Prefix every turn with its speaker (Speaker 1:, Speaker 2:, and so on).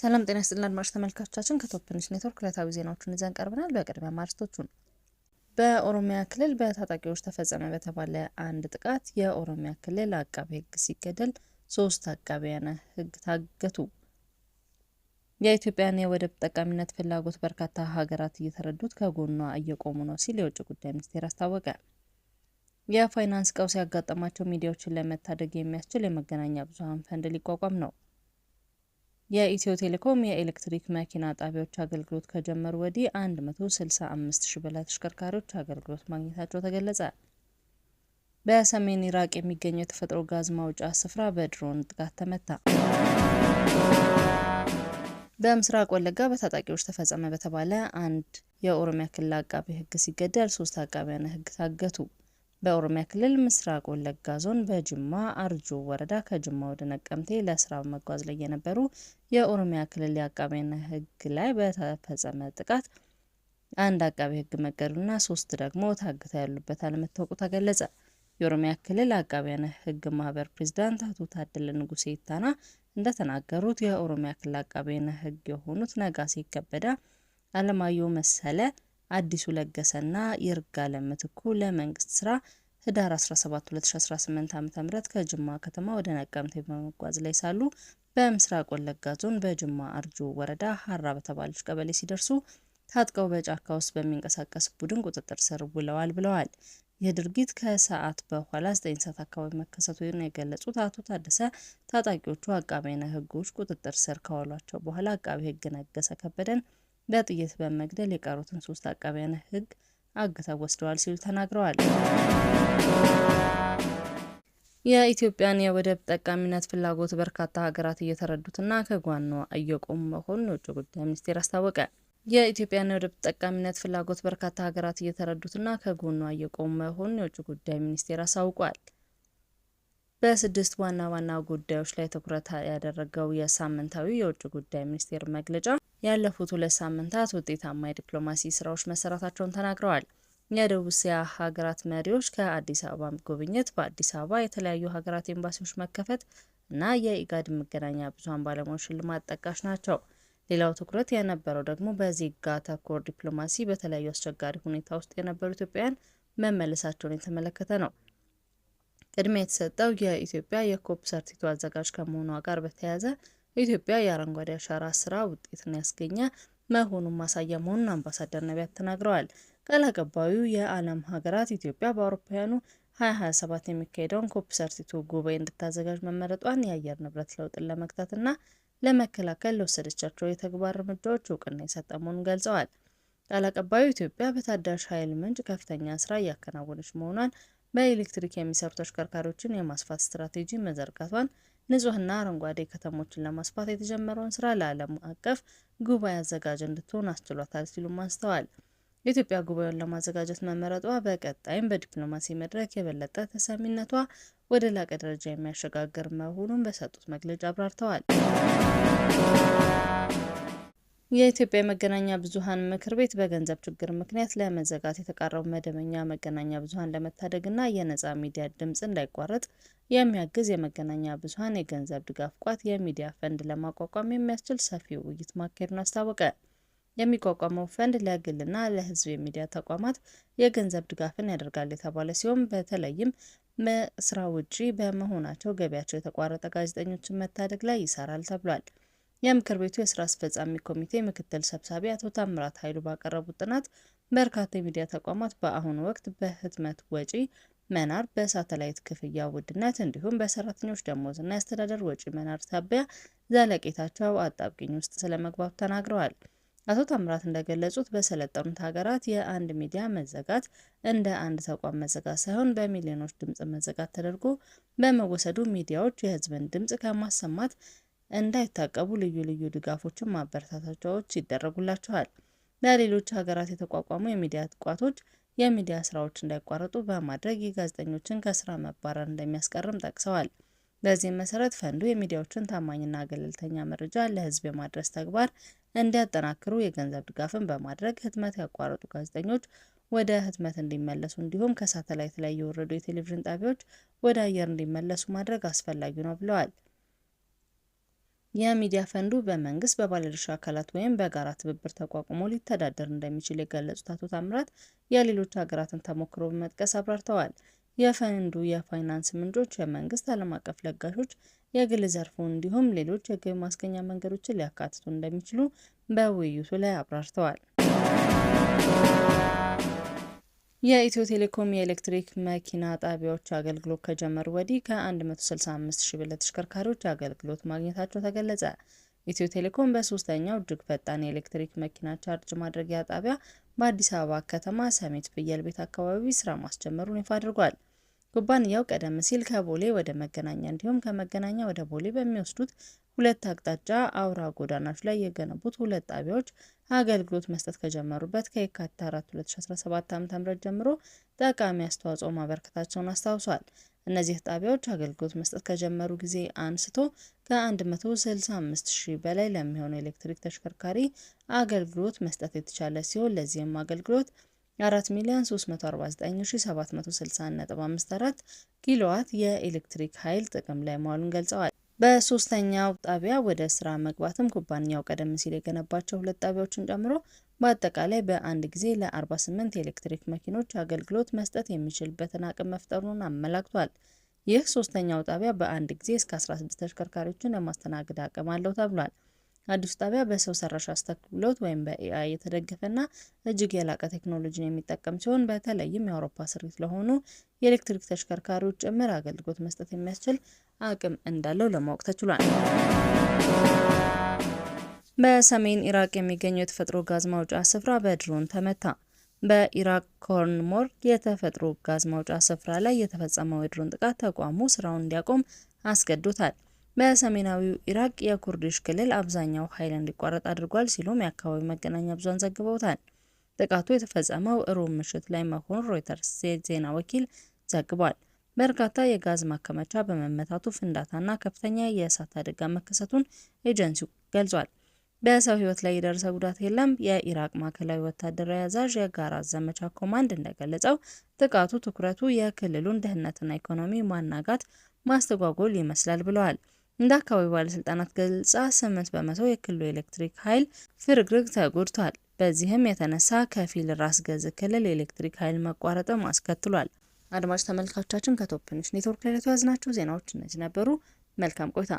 Speaker 1: ሰላም ጤና ስጥልን አድማጭ ተመልካቾቻችን፣ ከቶፕ ኔትወርክ ዕለታዊ ዜናዎቹን ይዘን ቀርበናል። በቅድሚያ ማርስቶቹን በኦሮሚያ ክልል በታጣቂዎች ተፈጸመ በተባለ አንድ ጥቃት የኦሮሚያ ክልል አቃቤ ሕግ ሲገደል ሶስት አቃቢያነ ሕግ ታገቱ። የኢትዮጵያን የወደብ ተጠቃሚነት ፍላጎት በርካታ ሀገራት እየተረዱት ከጎኗ እየቆሙ ነው ሲል የውጭ ጉዳይ ሚኒስቴር አስታወቀ። የፋይናንስ ቀውስ ያጋጠማቸው ሚዲያዎችን ለመታደግ የሚያስችል የመገናኛ ብዙሀን ፈንድ ሊቋቋም ነው። የኢትዮ ቴሌኮም የኤሌክትሪክ መኪና ጣቢያዎች አገልግሎት ከጀመሩ ወዲህ 165 ሺህ በላይ ተሽከርካሪዎች አገልግሎት ማግኘታቸው ተገለጸ። በሰሜን ኢራቅ የሚገኘው የተፈጥሮ ጋዝ ማውጫ ስፍራ በድሮን ጥቃት ተመታ። በምስራቅ ወለጋ በታጣቂዎች ተፈጸመ በተባለ አንድ የኦሮሚያ ክልል አቃቤ ሕግ ሲገደል ሶስት አቃቢያነ ሕግ ታገቱ። በኦሮሚያ ክልል ምስራቅ ወለጋ ዞን በጅማ አርጆ ወረዳ ከጅማ ወደ ነቀምቴ ለስራ መጓዝ ላይ የነበሩ የኦሮሚያ ክልል የአቃቤን ሕግ ላይ በተፈጸመ ጥቃት አንድ አቃቤ ሕግ መገደሉና ሶስት ደግሞ ታግተው ያሉበት አለመታወቁ ተገለጸ። የኦሮሚያ ክልል አቃቢያን ሕግ ማህበር ፕሬዚዳንት አቶ ታደለ ንጉሴ ይታና እንደተናገሩት የኦሮሚያ ክልል አቃቢያን ሕግ የሆኑት ነጋሴ ከበዳ፣ አለማየሁ መሰለ፣ አዲሱ ለገሰና ይርጋለም ምትኩ ለመንግስት ስራ ህዳር 17 2018 ዓ.ም ከጅማ ከተማ ወደ ነቀምቴ በመጓዝ ላይ ሳሉ በምስራቅ ወለጋ ዞን በጅማ አርጆ ወረዳ ሀራ በተባለች ቀበሌ ሲደርሱ ታጥቀው በጫካ ውስጥ በሚንቀሳቀስ ቡድን ቁጥጥር ስር ውለዋል ብለዋል። ይህ ድርጊት ከሰዓት በኋላ 9 ሰዓት አካባቢ መከሰቱን የገለጹት አቶ ታደሰ ታጣቂዎቹ አቃቤ ሕጉ ቁጥጥር ስር ከዋሏቸው በኋላ አቃቤ ሕግ ነገሰ ከበደን በጥይት በመግደል የቀሩትን ሶስት አቃቢያነ ህግ አግተው ወስደዋል ሲሉ ተናግረዋል። የኢትዮጵያን የወደብ ጠቃሚነት ፍላጎት በርካታ ሀገራት እየተረዱትና ከጎኗ እየቆሙ መሆኑን የውጭ ጉዳይ ሚኒስቴር አስታወቀ። የኢትዮጵያን የወደብ ጠቃሚነት ፍላጎት በርካታ ሀገራት እየተረዱትና ከጎኗ እየቆሙ መሆኑን የውጭ ጉዳይ ሚኒስቴር አሳውቋል። በስድስት ዋና ዋና ጉዳዮች ላይ ትኩረት ያደረገው የሳምንታዊ የውጭ ጉዳይ ሚኒስቴር መግለጫ ያለፉት ሁለት ሳምንታት ውጤታማ የዲፕሎማሲ ስራዎች መሰራታቸውን ተናግረዋል። የደቡብ እስያ ሀገራት መሪዎች ከአዲስ አበባ ጉብኝት በአዲስ አበባ የተለያዩ ሀገራት ኤምባሲዎች መከፈት እና የኢጋድ መገናኛ ብዙሃን ባለሙያዎች ሽልማት ጠቃሽ ናቸው። ሌላው ትኩረት የነበረው ደግሞ በዜጋ ተኮር ዲፕሎማሲ በተለያዩ አስቸጋሪ ሁኔታ ውስጥ የነበሩ ኢትዮጵያውያን መመለሳቸውን የተመለከተ ነው። ቅድሚያ የተሰጠው የኢትዮጵያ የኮፕ ሰርቲቱ አዘጋጅ ከመሆኗ ጋር በተያያዘ ኢትዮጵያ የአረንጓዴ አሻራ ስራ ውጤትን ያስገኘ መሆኑን ማሳያ መሆኑን አምባሳደር ነቢያት ተናግረዋል። ቃል አቀባዩ የዓለም ሀገራት ኢትዮጵያ በአውሮፓውያኑ 2027 የሚካሄደውን ኮፕ ሰርቲቱ ጉባኤ እንድታዘጋጅ መመረጧን የአየር ንብረት ለውጥን ለመግታትና ለመከላከል ለወሰደቻቸው የተግባር እርምጃዎች እውቅና የሰጠ መሆኑን ገልጸዋል። ቃል አቀባዩ ኢትዮጵያ በታዳሽ ኃይል ምንጭ ከፍተኛ ስራ እያከናወነች መሆኗን፣ በኤሌክትሪክ የሚሰሩ ተሽከርካሪዎችን የማስፋት ስትራቴጂ መዘርጋቷን፣ ንጹህና አረንጓዴ ከተሞችን ለማስፋት የተጀመረውን ስራ ለዓለም አቀፍ ጉባኤ አዘጋጅ እንድትሆን አስችሏታል ሲሉም አስተዋል። ኢትዮጵያ ጉባኤውን ለማዘጋጀት መመረጧ በቀጣይም በዲፕሎማሲ መድረክ የበለጠ ተሰሚነቷ ወደ ላቀ ደረጃ የሚያሸጋግር መሆኑን በሰጡት መግለጫ አብራርተዋል። የኢትዮጵያ የመገናኛ ብዙኃን ምክር ቤት በገንዘብ ችግር ምክንያት ለመዘጋት የተቃረቡ መደበኛ መገናኛ ብዙኃን ለመታደግና የነጻ ሚዲያ ድምፅ እንዳይቋረጥ የሚያግዝ የመገናኛ ብዙኃን የገንዘብ ድጋፍ ቋት የሚዲያ ፈንድ ለማቋቋም የሚያስችል ሰፊ ውይይት ማካሄዱን አስታወቀ። የሚቋቋመው ፈንድ ለግልና ለሕዝብ የሚዲያ ተቋማት የገንዘብ ድጋፍን ያደርጋል የተባለ ሲሆን በተለይም ስራ ውጪ በመሆናቸው ገቢያቸው የተቋረጠ ጋዜጠኞችን መታደግ ላይ ይሰራል ተብሏል። የምክር ቤቱ የስራ አስፈጻሚ ኮሚቴ ምክትል ሰብሳቢ አቶ ታምራት ኃይሉ ባቀረቡት ጥናት በርካታ የሚዲያ ተቋማት በአሁኑ ወቅት በህትመት ወጪ መናር፣ በሳተላይት ክፍያ ውድነት እንዲሁም በሰራተኞች ደሞዝና የአስተዳደር ወጪ መናር ሳቢያ ዘለቄታቸው አጣብቂኝ ውስጥ ስለመግባቱ ተናግረዋል። አቶ ታምራት እንደገለጹት በሰለጠኑት ሀገራት የአንድ ሚዲያ መዘጋት እንደ አንድ ተቋም መዘጋት ሳይሆን በሚሊዮኖች ድምፅ መዘጋት ተደርጎ በመወሰዱ ሚዲያዎች የህዝብን ድምፅ ከማሰማት እንዳይታቀቡ ልዩ ልዩ ድጋፎችን፣ ማበረታታቻዎች ይደረጉላቸዋል። ለሌሎች ሀገራት የተቋቋሙ የሚዲያ ተቋቶች የሚዲያ ስራዎች እንዳይቋረጡ በማድረግ የጋዜጠኞችን ከስራ መባረር እንደሚያስቀርም ጠቅሰዋል። በዚህም መሰረት ፈንዱ የሚዲያዎችን ታማኝና ገለልተኛ መረጃ ለህዝብ የማድረስ ተግባር እንዲያጠናክሩ የገንዘብ ድጋፍን በማድረግ ህትመት ያቋረጡ ጋዜጠኞች ወደ ህትመት እንዲመለሱ እንዲሁም ከሳተላይት ላይ የወረዱ የቴሌቪዥን ጣቢያዎች ወደ አየር እንዲመለሱ ማድረግ አስፈላጊ ነው ብለዋል። የሚዲያ ፈንዱ በመንግስት በባለድርሻ አካላት ወይም በጋራ ትብብር ተቋቁሞ ሊተዳደር እንደሚችል የገለጹት አቶ ታምራት የሌሎች ሀገራትን ተሞክሮ በመጥቀስ አብራርተዋል። የፈንዱ የፋይናንስ ምንጮች የመንግስት፣ ዓለም አቀፍ ለጋሾች፣ የግል ዘርፉ እንዲሁም ሌሎች የገቢ ማስገኛ መንገዶችን ሊያካትቱ እንደሚችሉ በውይይቱ ላይ አብራርተዋል። የኢትዮ ቴሌኮም የኤሌክትሪክ መኪና ጣቢያዎች አገልግሎት ከጀመሩ ወዲህ ከ165 ሺህ በላይ ተሽከርካሪዎች አገልግሎት ማግኘታቸው ተገለጸ። ኢትዮ ቴሌኮም በሶስተኛው እጅግ ፈጣን የኤሌክትሪክ መኪና ቻርጅ ማድረጊያ ጣቢያ በአዲስ አበባ ከተማ ሰሜት ፍየል ቤት አካባቢ ስራ ማስጀመሩን ይፋ አድርጓል። ኩባንያው ቀደም ሲል ከቦሌ ወደ መገናኛ እንዲሁም ከመገናኛ ወደ ቦሌ በሚወስዱት ሁለት አቅጣጫ አውራ ጎዳናዎች ላይ የገነቡት ሁለት ጣቢያዎች አገልግሎት መስጠት ከጀመሩበት ከየካቲት 4 2017 ዓ.ም ጀምሮ ጠቃሚ አስተዋጽኦ ማበረከታቸውን አስታውሷል። እነዚህ ጣቢያዎች አገልግሎት መስጠት ከጀመሩ ጊዜ አንስቶ ከ165 ሺህ በላይ ለሚሆኑ ኤሌክትሪክ ተሽከርካሪ አገልግሎት መስጠት የተቻለ ሲሆን ለዚህም አገልግሎት 4 ሚሊዮን 349761.54 ኪሎዋት የኤሌክትሪክ ኃይል ጥቅም ላይ መዋሉን ገልጸዋል። በሶስተኛው ጣቢያ ወደ ስራ መግባትም ኩባንያው ቀደም ሲል የገነባቸው ሁለት ጣቢያዎችን ጨምሮ በአጠቃላይ በአንድ ጊዜ ለ48 የኤሌክትሪክ መኪኖች አገልግሎት መስጠት የሚችልበትን አቅም መፍጠሩን አመላክቷል። ይህ ሶስተኛው ጣቢያ በአንድ ጊዜ እስከ 16 ተሽከርካሪዎችን የማስተናገድ አቅም አለው ተብሏል። አዲሱ ጣቢያ በሰው ሰራሽ አስተውሎት ወይም በኤአይ የተደገፈና እጅግ የላቀ ቴክኖሎጂን የሚጠቀም ሲሆን በተለይም የአውሮፓ ስሪት ለሆኑ የኤሌክትሪክ ተሽከርካሪዎች ጭምር አገልግሎት መስጠት የሚያስችል አቅም እንዳለው ለማወቅ ተችሏል። በሰሜን ኢራቅ የሚገኘው የተፈጥሮ ጋዝ ማውጫ ስፍራ በድሮን ተመታ። በኢራቅ ኮርንሞር የተፈጥሮ ጋዝ ማውጫ ስፍራ ላይ የተፈጸመው የድሮን ጥቃት ተቋሙ ስራውን እንዲያቆም አስገዶታል። በሰሜናዊው ኢራቅ የኩርዲሽ ክልል አብዛኛው ኃይል እንዲቋረጥ አድርጓል ሲሉም የአካባቢው መገናኛ ብዙኃን ዘግበውታል። ጥቃቱ የተፈጸመው ሮብ ምሽት ላይ መሆኑን ሮይተርስ የዜና ወኪል ዘግቧል። በርካታ የጋዝ ማከማቻ በመመታቱ ፍንዳታና ከፍተኛ የእሳት አደጋ መከሰቱን ኤጀንሲው ገልጿል። በሰው ሕይወት ላይ የደረሰ ጉዳት የለም። የኢራቅ ማዕከላዊ ወታደራዊ አዛዥ የጋራ ዘመቻ ኮማንድ እንደገለጸው ጥቃቱ ትኩረቱ የክልሉን ደህንነትና ኢኮኖሚ ማናጋት፣ ማስተጓጎል ይመስላል ብለዋል። እንደ አካባቢው ባለስልጣናት ገለጻ ስምንት በመቶ የክልሉ ኤሌክትሪክ ኃይል ፍርግርግ ተጎድቷል። በዚህም የተነሳ ከፊል ራስ ገዝ ክልል የኤሌክትሪክ ኃይል መቋረጥም አስከትሏል። አድማጭ ተመልካቾቻችን ከቶፕ ኒውስ ኔትወርክ ለዕለቱ ያዝናቸው ዜናዎች እነዚህ ነበሩ። መልካም ቆይታ